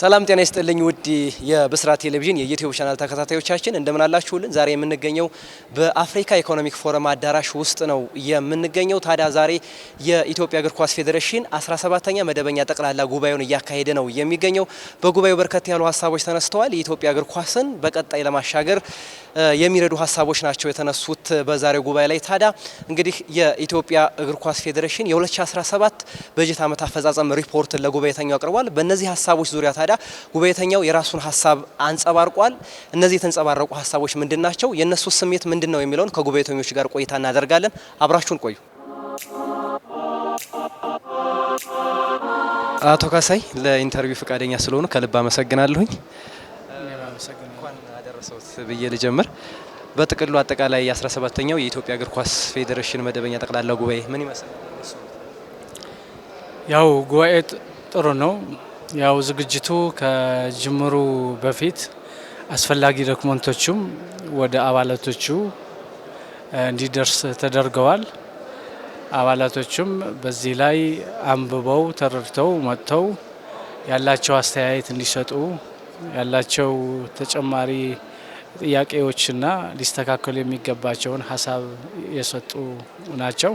ሰላም ጤና ይስጥልኝ ውድ የብስራት ቴሌቪዥን የዩቲዩብ ቻናል ተከታታዮቻችን እንደምን አላችሁልን? ዛሬ የምንገኘው በአፍሪካ ኢኮኖሚክ ፎረም አዳራሽ ውስጥ ነው የምንገኘው። ታዲያ ዛሬ የኢትዮጵያ እግር ኳስ ፌዴሬሽን 17ኛ መደበኛ ጠቅላላ ጉባኤውን እያካሄደ ነው የሚገኘው። በጉባኤው በርከት ያሉ ሀሳቦች ተነስተዋል። የኢትዮጵያ እግር ኳስን በቀጣይ ለማሻገር የሚረዱ ሀሳቦች ናቸው የተነሱት በዛሬው ጉባኤ ላይ። ታዲያ እንግዲህ የኢትዮጵያ እግር ኳስ ፌዴሬሽን የ2017 በጀት ዓመት አፈጻጸም ሪፖርትን ለጉባኤተኛው አቅርቧል። በእነዚህ ሀሳቦች ዙሪያ ታዲያ ጉባኤተኛው የራሱን ሀሳብ አንጸባርቋል። እነዚህ የተንጸባረቁ ሀሳቦች ምንድን ናቸው? የእነሱ ስሜት ምንድን ነው የሚለውን ከጉባኤተኞች ጋር ቆይታ እናደርጋለን። አብራችሁን ቆዩ። አቶ ካሳይ ለኢንተርቪው ፈቃደኛ ስለሆኑ ከልብ አመሰግናለሁኝ። ደረሰውት ብዬ ልጀምር። በጥቅሉ አጠቃላይ የ17ኛው የኢትዮጵያ እግር ኳስ ፌዴሬሽን መደበኛ ጠቅላላ ጉባኤ ምን ይመስላል? ያው ጉባኤ ጥሩ ነው። ያው ዝግጅቱ ከጅምሩ በፊት አስፈላጊ ዶክመንቶቹም ወደ አባላቶቹ እንዲደርስ ተደርገዋል። አባላቶቹም በዚህ ላይ አንብበው ተረድተው መጥተው ያላቸው አስተያየት እንዲሰጡ ያላቸው ተጨማሪ ጥያቄዎችና ሊስተካከሉ የሚገባቸውን ሀሳብ የሰጡ ናቸው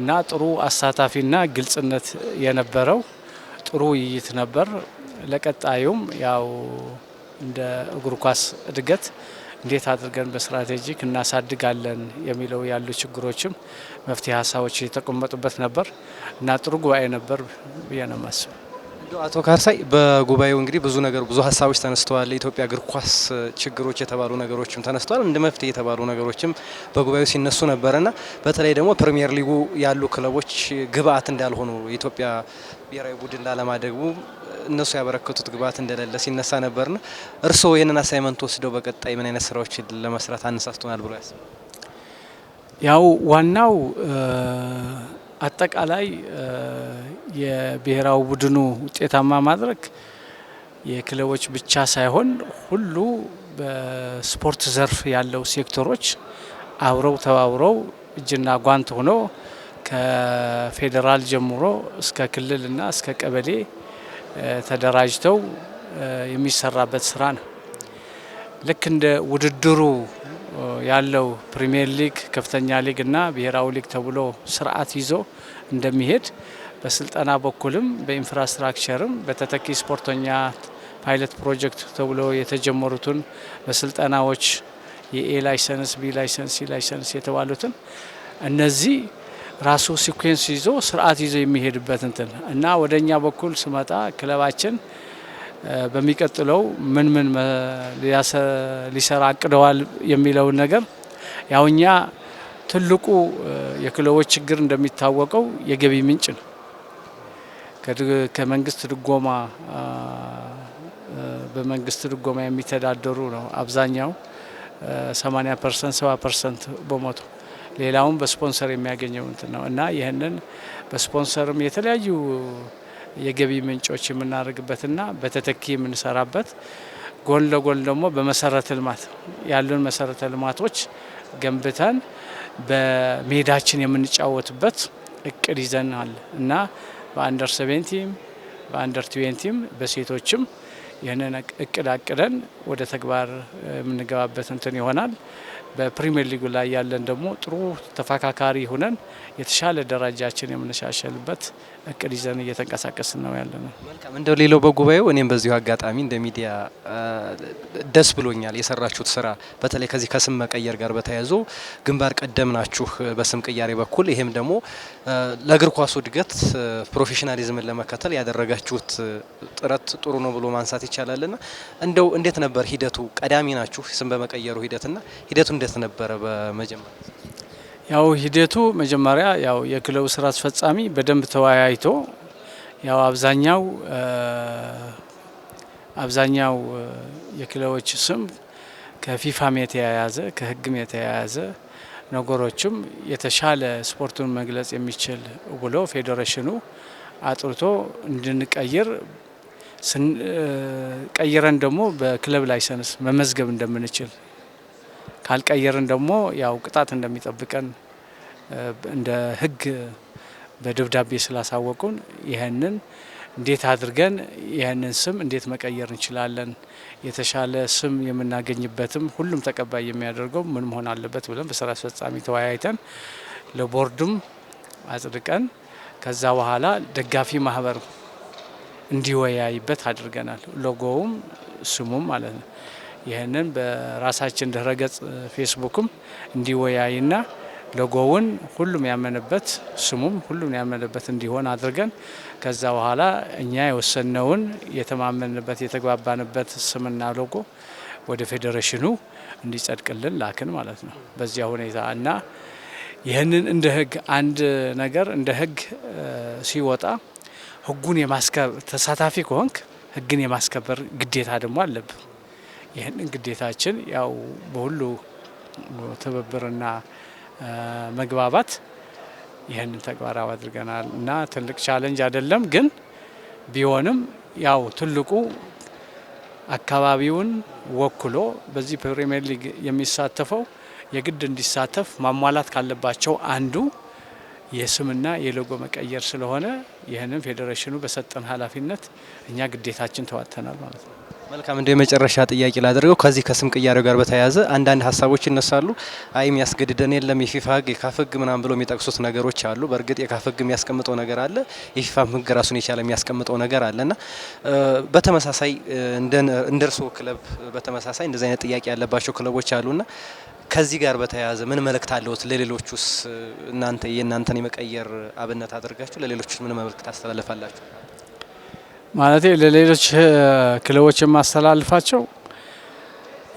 እና ጥሩ አሳታፊና ግልጽነት የነበረው ጥሩ ውይይት ነበር። ለቀጣዩም ያው እንደ እግር ኳስ እድገት እንዴት አድርገን በስትራቴጂክ እናሳድጋለን የሚለው ያሉ ችግሮችም መፍትሄ ሀሳቦች የተቀመጡበት ነበር እና ጥሩ ጉባኤ ነበር ብዬ ነው የማስበው። አቶ ካርሳይ በጉባኤው እንግዲህ ብዙ ነገር ብዙ ሀሳቦች ተነስተዋል። ለኢትዮጵያ እግር ኳስ ችግሮች የተባሉ ነገሮችም ተነስተዋል። እንደ መፍትሄ የተባሉ ነገሮችም በጉባኤው ሲነሱ ነበረና በተለይ ደግሞ ፕሪሚየር ሊጉ ያሉ ክለቦች ግብአት እንዳልሆኑ የኢትዮጵያ ብሔራዊ ቡድን ላለማደግቡ እነሱ ያበረከቱት ግብአት እንደሌለ ሲነሳ ነበርና እርስዎ ይህንን አሳይመንት ወስደው በቀጣይ ምን አይነት ስራዎችን ለመስራት አነሳስቶናል ብሎ ያስባል? ያው ዋናው አጠቃላይ የብሔራዊ ቡድኑ ውጤታማ ማድረግ የክለቦች ብቻ ሳይሆን ሁሉ በስፖርት ዘርፍ ያለው ሴክተሮች አብረው ተባብረው እጅና ጓንት ሆኖ ከፌዴራል ጀምሮ እስከ ክልል ና እስከ ቀበሌ ተደራጅተው የሚሰራበት ስራ ነው። ልክ እንደ ውድድሩ ያለው ፕሪሚየር ሊግ፣ ከፍተኛ ሊግ እና ብሔራዊ ሊግ ተብሎ ስርዓት ይዞ እንደሚሄድ በስልጠና በኩልም በኢንፍራስትራክቸርም በተተኪ ስፖርተኛ ፓይለት ፕሮጀክት ተብሎ የተጀመሩትን በስልጠናዎች የኤ ላይሰንስ፣ ቢ ላይሰንስ፣ ሲ ላይሰንስ የተባሉትን እነዚህ ራሱ ሲኩዌንስ ይዞ ስርዓት ይዞ የሚሄድበት እንትን እና ወደ እኛ በኩል ስመጣ ክለባችን በሚቀጥለው ምን ምን ሊሰራ አቅደዋል የሚለውን ነገር ያው እኛ ትልቁ የክለቦች ችግር እንደሚታወቀው የገቢ ምንጭ ነው። ከመንግስት ድጎማ በመንግስት ድጎማ የሚተዳደሩ ነው አብዛኛው 80 ፐርሰንት 70 ፐርሰንት በመቶ ሌላውን በስፖንሰር የሚያገኘው እንትን ነው እና ይህንን በስፖንሰርም የተለያዩ የገቢ ምንጮች የምናደርግበትና በተተኪ የምንሰራበት ጎን ለጎን ደግሞ በመሰረተ ልማት ያሉን መሰረተ ልማቶች ገንብተን በሜዳችን የምንጫወትበት እቅድ ይዘናል እና በአንደር ሴቬንቲም በአንደር ትዌንቲም በሴቶችም ይህንን እቅድ አቅደን ወደ ተግባር የምንገባበት እንትን ይሆናል። በፕሪሚየር ሊጉ ላይ ያለን ደግሞ ጥሩ ተፋካካሪ ሆነን የተሻለ ደረጃችን የምንሻሸልበት እቅድ ይዘን እየተንቀሳቀስን ነው ያለ ነው። መልካም እንደው ሌላው በጉባኤው እኔም በዚሁ አጋጣሚ እንደ ሚዲያ ደስ ብሎኛል የሰራችሁት ስራ በተለይ ከዚህ ከስም መቀየር ጋር በተያይዞ ግንባር ቀደም ናችሁ በስም ቅያሬ በኩል ይሄም ደግሞ ለእግር ኳሱ እድገት ፕሮፌሽናሊዝምን ለመከተል ያደረጋችሁት ጥረት ጥሩ ነው ብሎ ማንሳት ይቻላልና እንደው እንዴት ነበር ሂደቱ? ቀዳሚ ናችሁ ስም በመቀየሩ ሂደትና ሂደቱ እንዴት ነበረ? በመጀመሪያ ያው ሂደቱ መጀመሪያ ያው የክለቡ ስራ አስፈጻሚ በደንብ ተወያይቶ ያው አብዛኛው አብዛኛው የክለቦች ስም ከፊፋም የተያያዘ ከህግም የተያያዘ ነገሮችም የተሻለ ስፖርቱን መግለጽ የሚችል ብሎ ፌዴሬሽኑ አጥርቶ እንድንቀይር ቀይረን ደግሞ በክለብ ላይሰንስ መመዝገብ እንደምንችል ካልቀየርን ደግሞ ያው ቅጣት እንደሚጠብቀን እንደ ህግ በደብዳቤ ስላሳወቁን ይህንን እንዴት አድርገን ይህንን ስም እንዴት መቀየር እንችላለን፣ የተሻለ ስም የምናገኝበትም ሁሉም ተቀባይ የሚያደርገው ምን መሆን አለበት ብለን በስራ አስፈጻሚ ተወያይተን ለቦርዱም አጽድቀን ከዛ በኋላ ደጋፊ ማህበር እንዲወያይበት አድርገናል። ሎጎውም ስሙም ማለት ነው። ይህንን በራሳችን ድረገጽ ፌስቡክም እንዲወያይና ሎጎውን ሁሉም ያመነበት ስሙም ሁሉም ያመነበት እንዲሆን አድርገን ከዛ በኋላ እኛ የወሰነውን የተማመንበት የተግባባንበት ስምና ሎጎ ወደ ፌዴሬሽኑ እንዲጸድቅልን ላክን ማለት ነው። በዚያ ሁኔታ እና ይህንን እንደ ህግ አንድ ነገር እንደ ህግ ሲወጣ ህጉን የማስከበር ተሳታፊ ከሆንክ ህግን የማስከበር ግዴታ ደግሞ አለብን። ይህንን ግዴታችን ያው በሁሉ ትብብርና መግባባት ይህንን ተግባራዊ አድርገናል እና ትልቅ ቻለንጅ አይደለም። ግን ቢሆንም ያው ትልቁ አካባቢውን ወክሎ በዚህ ፕሪሚየር ሊግ የሚሳተፈው የግድ እንዲሳተፍ ማሟላት ካለባቸው አንዱ የስምና የሎጎ መቀየር ስለሆነ ይህንም ፌዴሬሽኑ በሰጠን ኃላፊነት እኛ ግዴታችን ተዋጥተናል ማለት ነው። መልካም እንደ የመጨረሻ ጥያቄ ላደርገው ከዚህ ከስም ቅያሬ ጋር በተያያዘ አንዳንድ ሀሳቦች ይነሳሉ። አይ የሚያስገድደን የለም የፊፋ ህግ የካፍ ሕግ ምናምን ብሎ የሚጠቅሱት ነገሮች አሉ። በእርግጥ የካፍ ሕግ የሚያስቀምጠው ነገር አለ፣ የፊፋም ሕግ ራሱን የቻለ የሚያስቀምጠው ነገር አለ እና በተመሳሳይ እንደ እርስዎ ክለብ በተመሳሳይ እንደዚህ አይነት ጥያቄ ያለባቸው ክለቦች አሉና ከዚህ ጋር በተያያዘ ምን መልእክት አለዎት? ለሌሎቹስ እናንተ የእናንተን የመቀየር አብነት አድርጋችሁ ለሌሎቹስ ምን መልእክት ታስተላልፋላችሁ? ማለት ለሌሎች ክለቦች የማስተላልፋቸው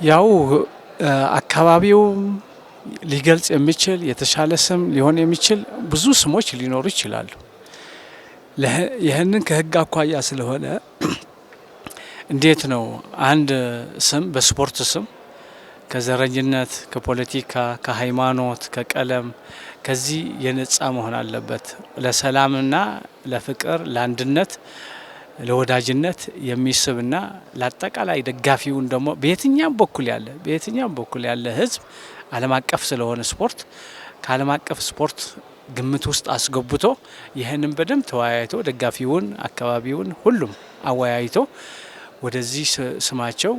ያው አካባቢው ሊገልጽ የሚችል የተሻለ ስም ሊሆን የሚችል ብዙ ስሞች ሊኖሩ ይችላሉ። ይህንን ከህግ አኳያ ስለሆነ እንዴት ነው አንድ ስም በስፖርት ስም ከዘረኝነት፣ ከፖለቲካ፣ ከሃይማኖት፣ ከቀለም ከዚህ የነጻ መሆን አለበት። ለሰላምና ለፍቅር ለአንድነት ለወዳጅነት የሚስብና ለአጠቃላይ ደጋፊውን ደግሞ በየትኛም በኩል ያለ በየትኛም በኩል ያለ ህዝብ ዓለም አቀፍ ስለሆነ ስፖርት ከዓለም አቀፍ ስፖርት ግምት ውስጥ አስገብቶ ይህንም በደንብ ተወያይቶ ደጋፊውን፣ አካባቢውን ሁሉም አወያይቶ ወደዚህ ስማቸው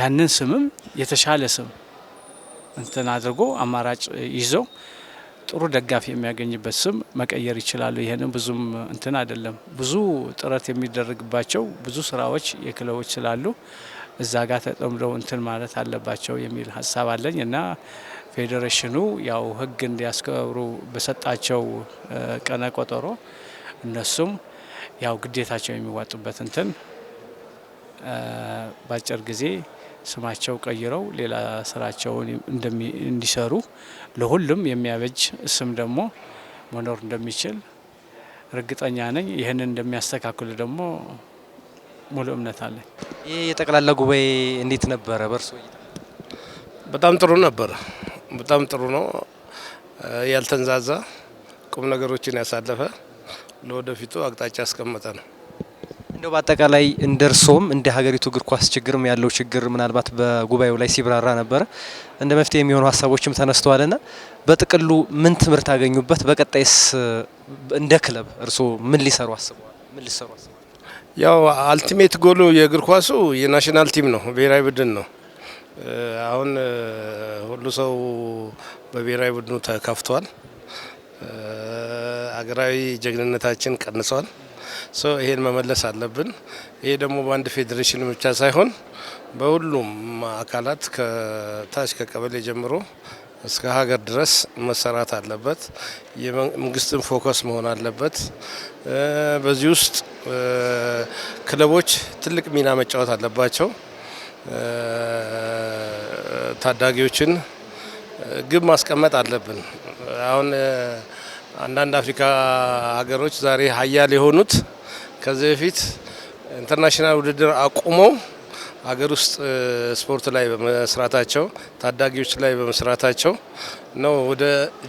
ያንን ስምም የተሻለ ስም እንትን አድርጎ አማራጭ ይዘው ጥሩ ደጋፊ የሚያገኝበት ስም መቀየር ይችላሉ። ይህንም ብዙም እንትን አይደለም። ብዙ ጥረት የሚደረግባቸው ብዙ ስራዎች የክለቦች ስላሉ እዛ ጋር ተጠምደው እንትን ማለት አለባቸው የሚል ሀሳብ አለኝ እና ፌዴሬሽኑ ያው ህግ እንዲያስከብሩ በሰጣቸው ቀነ ቆጠሮ እነሱም ያው ግዴታቸው የሚዋጡበት እንትን በአጭር ጊዜ ስማቸው ቀይረው ሌላ ስራቸውን እንዲሰሩ ለሁሉም የሚያበጅ ስም ደግሞ መኖር እንደሚችል እርግጠኛ ነኝ። ይህንን እንደሚያስተካክሉ ደግሞ ሙሉ እምነት አለኝ። ይህ የጠቅላላ ጉባኤ እንዴት ነበረ በርሶ በጣም ጥሩ ነበረ። በጣም ጥሩ ነው። ያልተንዛዛ ቁም ነገሮችን ያሳለፈ ለወደፊቱ አቅጣጫ ያስቀመጠ ነው። እንደው በአጠቃላይ እንደርሶም እንደ ሀገሪቱ እግር ኳስ ችግርም ያለው ችግር ምናልባት በጉባኤው ላይ ሲብራራ ነበረ፣ እንደ መፍትሄ የሚሆኑ ሀሳቦችም ተነስተዋል ና በጥቅሉ ምን ትምህርት አገኙበት? በቀጣይስ እንደ ክለብ እርሶ ምን ሊሰሩ አስበዋል? ምን ሊሰሩ አስበዋል? ያው አልቲሜት ጎሉ የእግር ኳሱ የናሽናል ቲም ነው፣ ብሔራዊ ቡድን ነው። አሁን ሁሉ ሰው በብሔራዊ ቡድኑ ተከፍቷል አገራዊ ጀግንነታችን ቀንሷል። ሶ ይሄን መመለስ አለብን። ይሄ ደግሞ በአንድ ፌዴሬሽን ብቻ ሳይሆን በሁሉም አካላት ከታች ከቀበሌ ጀምሮ እስከ ሀገር ድረስ መሰራት አለበት። የመንግስትን ፎከስ መሆን አለበት። በዚህ ውስጥ ክለቦች ትልቅ ሚና መጫወት አለባቸው። ታዳጊዎችን ግብ ማስቀመጥ አለብን። አሁን አንዳንድ አፍሪካ ሀገሮች ዛሬ ሀያል የሆኑት ከዚህ በፊት ኢንተርናሽናል ውድድር አቁመው ሀገር ውስጥ ስፖርት ላይ በመስራታቸው ታዳጊዎች ላይ በመስራታቸው ነው ወደ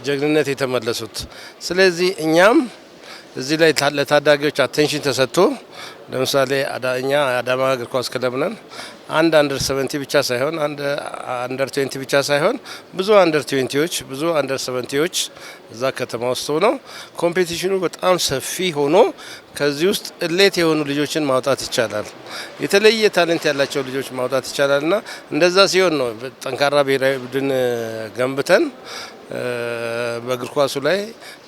ጀግንነት የተመለሱት። ስለዚህ እኛም እዚህ ላይ ለታዳጊዎች አቴንሽን ተሰጥቶ ለምሳሌ እኛ አዳማ እግር ኳስ ክለብ ነን። አንድ አንደር ሰቨንቲ ብቻ ሳይሆን አንድ አንደር ትዌንቲ ብቻ ሳይሆን ብዙ አንደር ትዌንቲዎች ብዙ አንደር ሰቨንቲዎች እዛ ከተማ ውስጥ ሆነው ኮምፔቲሽኑ በጣም ሰፊ ሆኖ ከዚህ ውስጥ እሌት የሆኑ ልጆችን ማውጣት ይቻላል። የተለየ ታሌንት ያላቸው ልጆች ማውጣት ይቻላል እና እንደዛ ሲሆን ነው ጠንካራ ብሔራዊ ቡድን ገንብተን በእግር ኳሱ ላይ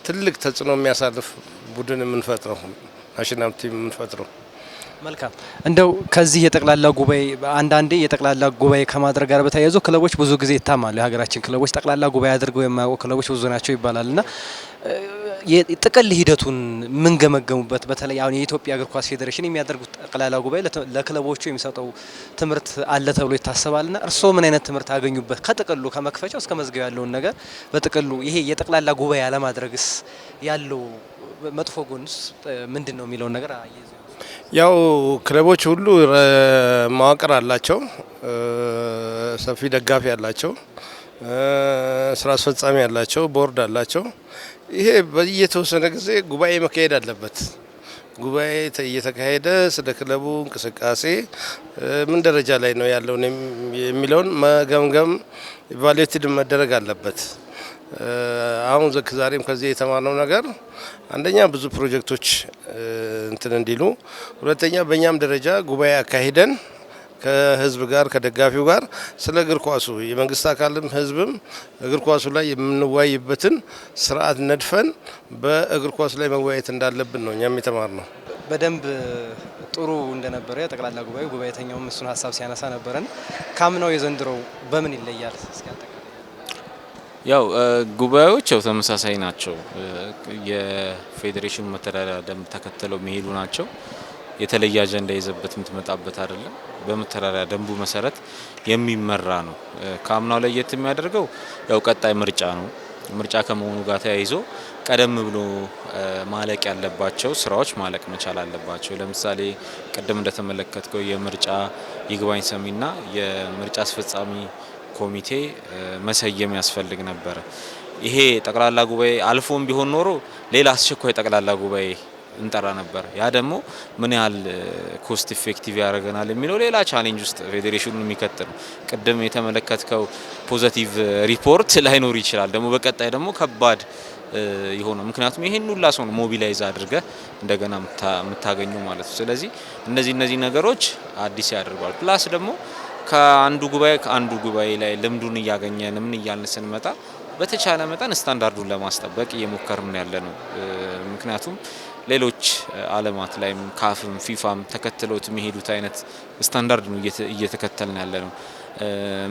ትልቅ ተጽዕኖ የሚያሳልፍ ቡድን የምንፈጥረው ናሽናል ቲም የምንፈጥረው። መልካም እንደው ከዚህ የጠቅላላ ጉባኤ አንዳንዴ የጠቅላላ ጉባኤ ከማድረግ ጋር በተያይዞ ክለቦች ብዙ ጊዜ ይታማሉ። የሀገራችን ክለቦች ጠቅላላ ጉባኤ አድርገው የማያውቁ ክለቦች ብዙ ናቸው ይባላል እና ጥቅል ሂደቱን የምንገመገሙበት በተለይ አሁን የኢትዮጵያ እግር ኳስ ፌዴሬሽን የሚያደርጉት ጠቅላላ ጉባኤ ለክለቦቹ የሚሰጠው ትምህርት አለ ተብሎ ይታሰባል ና እርስዎ ምን አይነት ትምህርት አገኙበት? ከጥቅሉ ከመክፈቻው እስከ መዝገብ ያለውን ነገር በጥቅሉ ይሄ የጠቅላላ ጉባኤ አለማድረግስ ያለው መጥፎ ጎንስ ምንድን ነው የሚለውን ነገር ያው ክለቦች ሁሉ መዋቅር አላቸው፣ ሰፊ ደጋፊ አላቸው፣ ስራ አስፈጻሚ አላቸው፣ ቦርድ አላቸው። ይሄ በየተወሰነ ጊዜ ጉባኤ መካሄድ አለበት። ጉባኤ እየተካሄደ ስለ ክለቡ እንቅስቃሴ ምን ደረጃ ላይ ነው ያለውን የሚለውን መገምገም ኢቫሉዌትድ መደረግ አለበት። አሁን ዘክ ዛሬም ከዚህ የተማርነው ነገር አንደኛ ብዙ ፕሮጀክቶች እንትን እንዲሉ፣ ሁለተኛ በእኛም ደረጃ ጉባኤ አካሂደን ከህዝብ ጋር ከደጋፊው ጋር ስለ እግር ኳሱ የመንግስት አካልም ህዝብም እግር ኳሱ ላይ የምንወያይበትን ስርዓት ነድፈን በእግር ኳሱ ላይ መወያየት እንዳለብን ነው እኛም የተማርነው። በደንብ ጥሩ እንደነበረ ጠቅላላ ጉባኤ ጉባኤተኛውም እሱን ሀሳብ ሲያነሳ ነበረን። ካምናው የዘንድሮው በምን ይለያል? ያው ጉባኤዎች ያው ተመሳሳይ ናቸው። የፌዴሬሽኑ መተዳደሪያ ደንብ ተከተለው የሚሄዱ ናቸው። የተለየ አጀንዳ ይዘበት የምትመጣበት አይደለም። በመተዳደሪያ ደንቡ መሰረት የሚመራ ነው። ከአምናው ለየት የሚያደርገው ያው ቀጣይ ምርጫ ነው። ምርጫ ከመሆኑ ጋር ተያይዞ ቀደም ብሎ ማለቅ ያለባቸው ስራዎች ማለቅ መቻል አለባቸው። ለምሳሌ ቅድም እንደተመለከትከው የምርጫ ይግባኝ ሰሚና የምርጫ አስፈጻሚ ኮሚቴ መሰየም ያስፈልግ ነበር ይሄ ጠቅላላ ጉባኤ አልፎም ቢሆን ኖሮ ሌላ አስቸኳይ ጠቅላላ ጉባኤ እንጠራ ነበር። ያ ደግሞ ምን ያህል ኮስት ኢፌክቲቭ ያደርገናል የሚለው ሌላ ቻሌንጅ ውስጥ ፌዴሬሽኑን የሚከት ነው። ቅድም የተመለከትከው ፖዘቲቭ ሪፖርት ላይኖር ይችላል። ደግሞ በቀጣይ ደግሞ ከባድ የሆነ ምክንያቱም ይሄን ሁላ ሰው ሞቢላይዝ አድርገ እንደገና የምታገኘው ማለት ነው። ስለዚህ እነዚህ እነዚህ ነገሮች አዲስ ያደርገዋል ፕላስ ደግሞ ከአንዱ ጉባኤ ከአንዱ ጉባኤ ላይ ልምዱን እያገኘን ምን እያልን ስንመጣ በተቻለ መጠን ስታንዳርዱን ለማስጠበቅ እየሞከርን ያለ ነው። ምክንያቱም ሌሎች ዓለማት ላይም ካፍም ፊፋም ተከትሎት የሚሄዱት አይነት ስታንዳርድ ነው እየተከተልን ያለ ነው።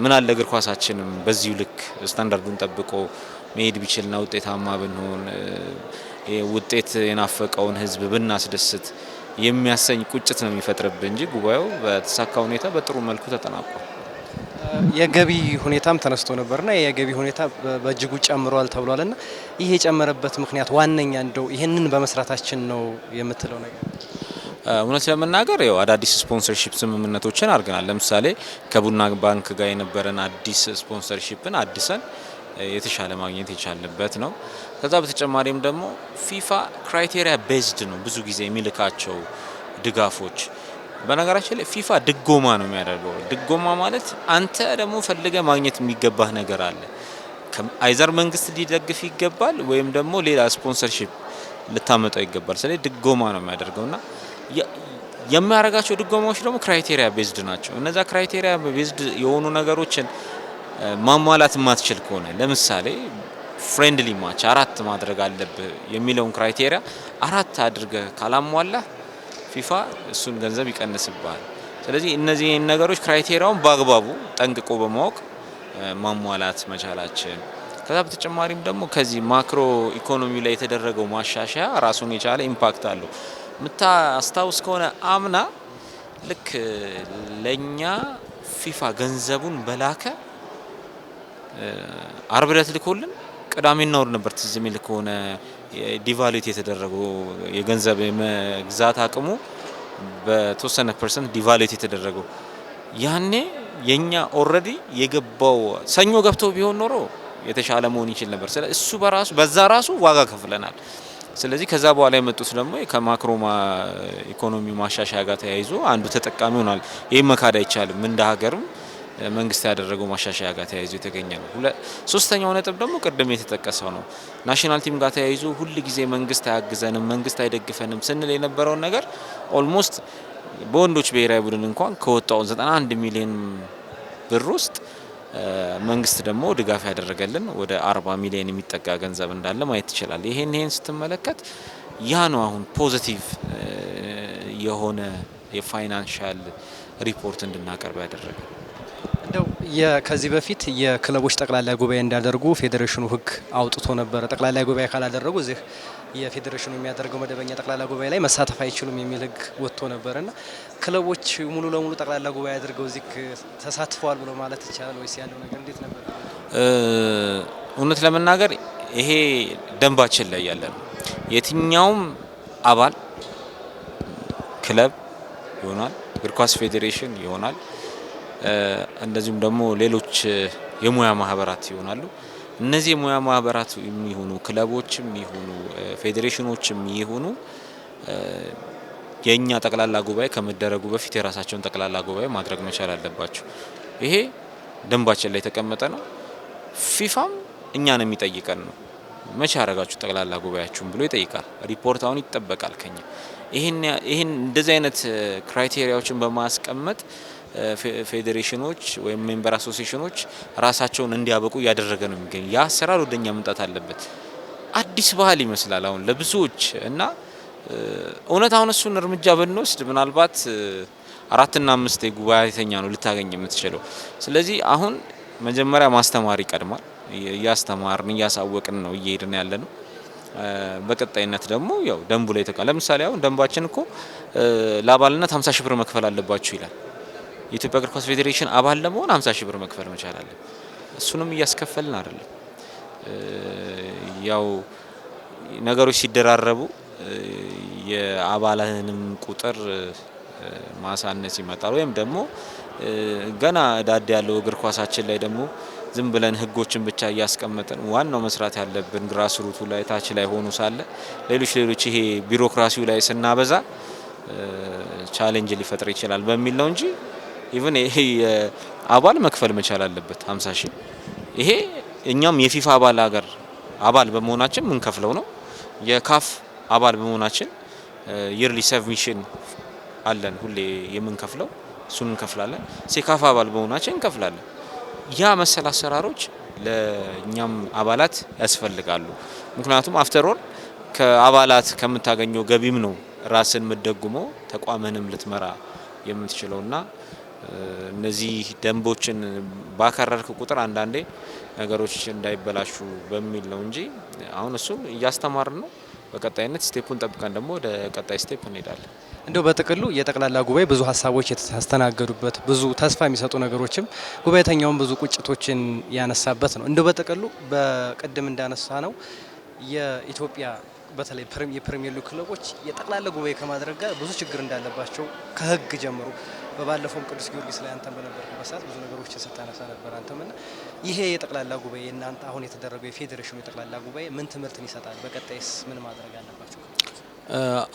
ምን አለ እግር ኳሳችንም በዚሁ ልክ ስታንዳርዱን ጠብቆ መሄድ ቢችልና ውጤታማ ብንሆን ውጤት የናፈቀውን ህዝብ ብናስደስት የሚያሰኝ ቁጭት ነው የሚፈጥርብን እንጂ ጉባኤው በተሳካ ሁኔታ በጥሩ መልኩ ተጠናቋል። የገቢ ሁኔታም ተነስቶ ነበርና የገቢ ሁኔታ በእጅጉ ጨምሯል ተብሏልና ይህ የጨመረበት ምክንያት ዋነኛ እንደው ይህንን በመስራታችን ነው የምትለው ነገር? እውነት ለመናገር ያው አዳዲስ ስፖንሰርሺፕ ስምምነቶችን አድርገናል። ለምሳሌ ከቡና ባንክ ጋር የነበረን አዲስ ስፖንሰርሺፕን አድሰን የተሻለ ማግኘት የቻልንበት ነው። ከዛ በተጨማሪም ደግሞ ፊፋ ክራይቴሪያ ቤዝድ ነው ብዙ ጊዜ የሚልካቸው ድጋፎች። በነገራችን ላይ ፊፋ ድጎማ ነው የሚያደርገው። ድጎማ ማለት አንተ ደግሞ ፈልገ ማግኘት የሚገባህ ነገር አለ። አይዘር መንግስት ሊደግፍ ይገባል ወይም ደግሞ ሌላ ስፖንሰርሽፕ ልታመጣው ይገባል። ስለዚህ ድጎማ ነው የሚያደርገው እና የሚያደርጋቸው ድጎማዎች ደግሞ ክራይቴሪያ ቤዝድ ናቸው። እነዛ ክራይቴሪያ ቤዝድ የሆኑ ነገሮችን ማሟላት የማትችል ከሆነ ለምሳሌ ፍሬንድሊ ማች አራት ማድረግ አለብህ የሚለውን ክራይቴሪያ አራት አድርገህ ካላሟላህ ፊፋ እሱን ገንዘብ ይቀንስብሃል። ስለዚህ እነዚህን ነገሮች ክራይቴሪያውን በአግባቡ ጠንቅቆ በማወቅ ማሟላት መቻላችን ከዛ በተጨማሪም ደግሞ ከዚህ ማክሮ ኢኮኖሚ ላይ የተደረገው ማሻሻያ ራሱን የቻለ ኢምፓክት አለው። አስታውስ ከሆነ አምና ልክ ለእኛ ፊፋ ገንዘቡን በላከ አርብ ዕለት ልኮልን ቅዳሜና እሁድ ነበር ትዝ የሚል ከሆነ ዲቫሉት የተደረጉ የገንዘብ የመግዛት አቅሙ በተወሰነ ፐርሰንት ዲቫሉት የተደረጉ ያኔ የኛ ኦልሬዲ የገባው ሰኞ ገብተው ቢሆን ኖሮ የተሻለ መሆን ይችል ነበር። ስለ እሱ በራሱ በዛ ራሱ ዋጋ ከፍለናል። ስለዚህ ከዛ በኋላ የመጡት ደግሞ ከማክሮ ኢኮኖሚ ማሻሻያ ጋር ተያይዞ አንዱ ተጠቃሚ ሆናል። ይህም መካድ አይቻልም እንደ ሀገርም መንግስት ያደረገው ማሻሻያ ጋር ተያይዞ የተገኘ ነው። ሶስተኛው ነጥብ ደግሞ ቅድም የተጠቀሰው ነው። ናሽናል ቲም ጋር ተያይዞ ሁል ጊዜ መንግስት አያግዘንም፣ መንግስት አይደግፈንም ስንል የነበረውን ነገር ኦልሞስት በወንዶች ብሔራዊ ቡድን እንኳን ከወጣውን 91 ሚሊዮን ብር ውስጥ መንግስት ደግሞ ድጋፍ ያደረገልን ወደ 40 ሚሊዮን የሚጠጋ ገንዘብ እንዳለ ማየት ይችላል። ይሄን ይሄን ስትመለከት ያ ነው አሁን ፖዚቲቭ የሆነ የፋይናንሻል ሪፖርት እንድናቀርብ ያደረገ እንደው ከዚህ በፊት የክለቦች ጠቅላላ ጉባኤ እንዳደርጉ ፌዴሬሽኑ ህግ አውጥቶ ነበረ። ጠቅላላ ጉባኤ ካላደረጉ እዚህ የፌዴሬሽኑ የሚያደርገው መደበኛ ጠቅላላ ጉባኤ ላይ መሳተፍ አይችሉም የሚል ህግ ወጥቶ ነበረ እና ክለቦች ሙሉ ለሙሉ ጠቅላላ ጉባኤ አድርገው እዚህ ተሳትፈዋል ብሎ ማለት ይቻላል ወይስ ያለው ነገር እንዴት ነበር? እውነት ለመናገር ይሄ ደንባችን ላይ ያለ ነው። የትኛውም አባል ክለብ ይሆናል፣ እግር ኳስ ፌዴሬሽን ይሆናል እንደዚሁም ደግሞ ሌሎች የሙያ ማህበራት ይሆናሉ። እነዚህ የሙያ ማህበራት የሚሆኑ ክለቦችም ይሆኑ ፌዴሬሽኖችም ይሆኑ የእኛ ጠቅላላ ጉባኤ ከመደረጉ በፊት የራሳቸውን ጠቅላላ ጉባኤ ማድረግ መቻል አለባቸው። ይሄ ደንባችን ላይ የተቀመጠ ነው። ፊፋም እኛን የሚጠይቀን ነው። መቼ አረጋችሁ ጠቅላላ ጉባኤያችሁን ብሎ ይጠይቃል። ሪፖርት አሁን ይጠበቃል ከኛ ይህን እንደዚህ አይነት ክራይቴሪያዎችን በማስቀመጥ ፌዴሬሽኖች ወይም ሜምበር አሶሲሽኖች ራሳቸውን እንዲያበቁ እያደረገ ነው የሚገኝ። ያ አሰራር ወደኛ መምጣት አለበት። አዲስ ባህል ይመስላል አሁን ለብዙዎች እና እውነት አሁን እሱን እርምጃ ብንወስድ ምናልባት አራትና አምስት ጉባኤተኛ ነው ልታገኝ የምትችለው። ስለዚህ አሁን መጀመሪያ ማስተማር ይቀድማል። እያስተማርን እያሳወቅን ነው እየሄድን ያለ ነው። በቀጣይነት ደግሞ ያው ደንቡ ላይ ተቃ ለምሳሌ አሁን ደንባችን እኮ ለአባልነት 50 ሺህ ብር መክፈል አለባችሁ ይላል። የኢትዮጵያ እግር ኳስ ፌዴሬሽን አባል ለመሆን 50 ሺህ ብር መክፈል መቻል አለ። እሱንም እያስከፈልን አይደለም። ያው ነገሮች ሲደራረቡ የአባልህንም ቁጥር ማሳነስ ይመጣል። ወይም ደግሞ ገና ዳድ ያለው እግር ኳሳችን ላይ ደግሞ ዝም ብለን ህጎችን ብቻ እያስቀመጥን ዋናው መስራት ያለብን ግራስሩቱ ላይ ታች ላይ ሆኖ ሳለ ሌሎች ሌሎች ይሄ ቢሮክራሲው ላይ ስናበዛ ቻሌንጅ ሊፈጥር ይችላል በሚል ነው እንጂ ኢቨን ይሄ አባል መክፈል መቻል አለበት 50 ሺህ። ይሄ እኛም የፊፋ አባል ሀገር አባል በመሆናችን ከፍለው ነው። የካፍ አባል በመሆናችን የርሊ ሰብሚሽን አለን ሁሌ የምንከፍለው እሱን እንከፍላለን። ሴካፋ አባል በመሆናችን እንከፍላለን። ያ መሰል አሰራሮች ለእኛም አባላት ያስፈልጋሉ። ምክንያቱም አፍተር ኦል ከአባላት ከምታገኘው ገቢም ነው ራስን የምትደጉመው ተቋምህንም ልትመራ የምትችለውና እነዚህ ደንቦችን ባከረርክ ቁጥር አንዳንዴ ነገሮች እንዳይበላሹ በሚል ነው እንጂ አሁን እሱ እያስተማርን ነው። በቀጣይነት ስቴፑን ጠብቀን ደግሞ ወደ ቀጣይ ስቴፕ እንሄዳለን። እንደው በጥቅሉ የጠቅላላ ጉባኤ ብዙ ሀሳቦች የተስተናገዱበት ብዙ ተስፋ የሚሰጡ ነገሮችም ጉባኤተኛውን ብዙ ቁጭቶችን ያነሳበት ነው። እንደው በጥቅሉ በቅድም እንዳነሳ ነው የኢትዮጵያ በተለይ የፕሪሚየር ሊግ ክለቦች የጠቅላላ ጉባኤ ከማድረግ ጋር ብዙ ችግር እንዳለባቸው ከህግ ጀምሮ በባለፈውም ቅዱስ ጊዮርጊስ ላይ አንተን በነበርኩበት ሰዓት ብዙ ነገሮችን ስታነሳ ነበር። አንተም ና ይሄ የጠቅላላ ጉባኤ እናንተ አሁን የተደረገው የፌዴሬሽኑ የጠቅላላ ጉባኤ ምን ትምህርትን ይሰጣል? በቀጣይስ ምን ማድረግ አለባቸው?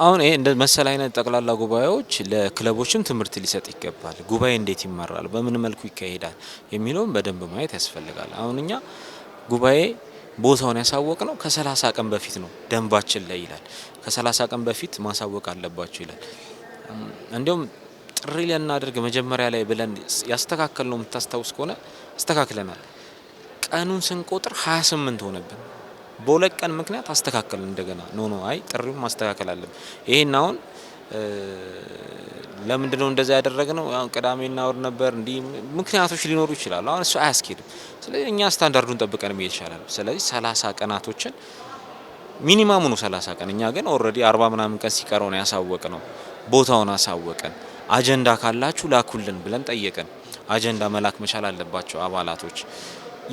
አሁን ይሄ እንደ መሰል አይነት ጠቅላላ ጉባኤዎች ለክለቦችም ትምህርት ሊሰጥ ይገባል። ጉባኤ እንዴት ይመራል፣ በምን መልኩ ይካሄዳል የሚለውን በደንብ ማየት ያስፈልጋል። አሁን እኛ ጉባኤ ቦታውን ያሳወቅ ነው ከሰላሳ ቀን በፊት ነው ደንባችን ላይ ይላል። ከሰላሳ ቀን በፊት ማሳወቅ አለባቸው ይላል። እንዲሁም ጥሪ ልናደርግ መጀመሪያ ላይ ብለን ያስተካከል ነው የምታስታውስ ከሆነ አስተካክለናል። ቀኑን ስንቆጥር 28 ሆነብን። በሁለት ቀን ምክንያት አስተካከል እንደገና ኖ ኖ አይ ጥሪውን ማስተካከል አለብን። ይሄን አሁን ለምንድነው እንደዛ ያደረግነው? ቅዳሜና እሁድ ነበር እንዲህ ምክንያቶች ሊኖሩ ይችላሉ። አሁን እሱ አያስኬድም። ስለዚህ እኛ ስታንዳርዱን ጠብቀን መሄድ ይቻላል። ስለዚህ 30 ቀናቶችን ሚኒማሙ ነው 30 ቀን። እኛ ግን ኦልሬዲ 40 ምናምን ቀን ሲቀረው ነው ያሳወቅ ነው ቦታውን አሳወቀን። አጀንዳ ካላችሁ ላኩልን ብለን ጠየቅን። አጀንዳ መላክ መቻል አለባቸው አባላቶች።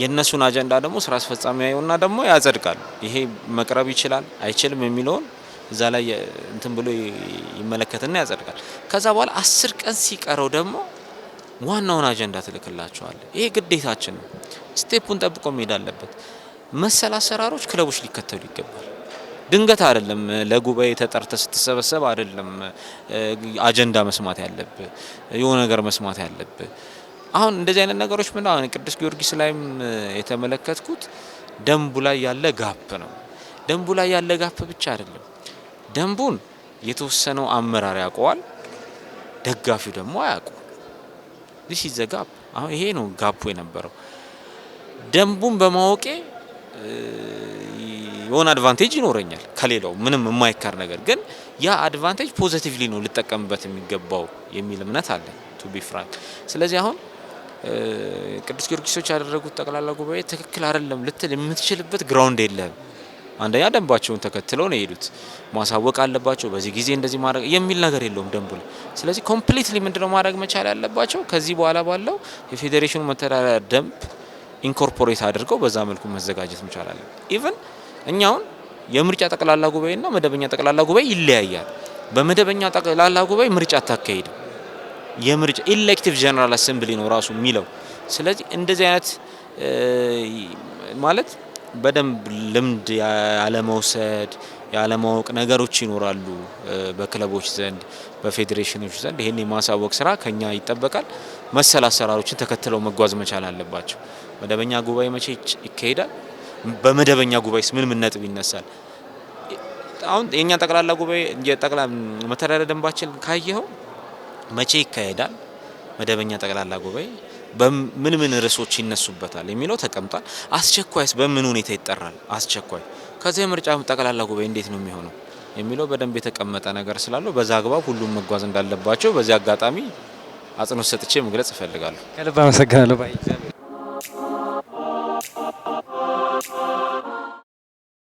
የእነሱን አጀንዳ ደግሞ ስራ አስፈጻሚ ያየውና ደግሞ ያጸድቃል። ይሄ መቅረብ ይችላል አይችልም የሚለውን እዛ ላይ እንትን ብሎ ይመለከትና ያጸድቃል። ከዛ በኋላ አስር ቀን ሲቀረው ደግሞ ዋናውን አጀንዳ ትልክላቸዋል። ይሄ ግዴታችን ነው። ስቴፑን ጠብቆ መሄድ አለበት። መሰል አሰራሮች ክለቦች ሊከተሉ ይገባል። ድንገት አይደለም ለጉባኤ ተጠርተ ስትሰበሰብ አይደለም አጀንዳ መስማት ያለብ የሆነ ነገር መስማት ያለብ አሁን እንደዚህ አይነት ነገሮች ምን አሁን ቅዱስ ጊዮርጊስ ላይም የተመለከትኩት ደንቡ ላይ ያለ ጋፕ ነው። ደንቡ ላይ ያለ ጋፕ ብቻ አይደለም፣ ደንቡን የተወሰነው አመራር ያውቀዋል፣ ደጋፊው ደግሞ አያውቁም። ይህ ዘ ጋፕ። አሁን ይሄ ነው ጋፑ የነበረው። ደንቡን በማወቄ የሆነ አድቫንቴጅ ይኖረኛል ከሌላው ምንም የማይካር ነገር ግን ያ አድቫንቴጅ ፖዘቲቭሊ ነው ልጠቀምበት የሚገባው የሚል እምነት አለ ቱ ቢ ፍራንክ። ስለዚህ አሁን ቅዱስ ጊዮርጊሶች ያደረጉት ጠቅላላ ጉባኤ ትክክል አይደለም ልትል የምትችልበት ግራውንድ የለም አንደኛ ደንባቸውን ተከትለው ነው የሄዱት። ማሳወቅ አለባቸው በዚህ ጊዜ እንደዚህ ማድረግ የሚል ነገር የለውም ደንቡ ላይ። ስለዚህ ኮምፕሊትሊ ምንድነው ማድረግ መቻል ያለባቸው? ከዚህ በኋላ ባለው የፌዴሬሽኑ መተዳደሪያ ደንብ ኢንኮርፖሬት አድርገው በዛ መልኩ መዘጋጀት መቻል አለ ኢቨን እኛውን የምርጫ ጠቅላላ ጉባኤና መደበኛ ጠቅላላ ጉባኤ ይለያያል። በመደበኛ ጠቅላላ ጉባኤ ምርጫ አታካሂድም። የምርጫ ኢሌክቲቭ ጀነራል አሰምብሊ ነው ራሱ የሚለው። ስለዚህ እንደዚህ አይነት ማለት በደንብ ልምድ ያለመውሰድ ያለማወቅ ነገሮች ይኖራሉ በክለቦች ዘንድ በፌዴሬሽኖች ዘንድ። ይህን የማሳወቅ ስራ ከኛ ይጠበቃል። መሰል አሰራሮችን ተከትለው መጓዝ መቻል አለባቸው። መደበኛ ጉባኤ መቼ ይካሄዳል? በመደበኛ ጉባኤስ ምን ምን ነጥብ ይነሳል? አሁን የኛ ጠቅላላ ጉባኤ የጠቅላ መተዳደሪያ ደንባችን ካየኸው መቼ ይካሄዳል? መደበኛ ጠቅላላ ጉባኤ በምን ምን ርዕሶች ይነሱበታል የሚለው ተቀምጧል። አስቸኳይስ በምን ሁኔታ ይጠራል? አስቸኳይ ከዚህ የምርጫ ጠቅላላ ጉባኤ እንዴት ነው የሚሆነው የሚለው በደንብ የተቀመጠ ነገር ስላለው በዛ አግባብ ሁሉም መጓዝ እንዳለባቸው በዚህ አጋጣሚ አጽንኦት ሰጥቼ መግለጽ እፈልጋለሁ። ከልብ አመሰግናለሁ።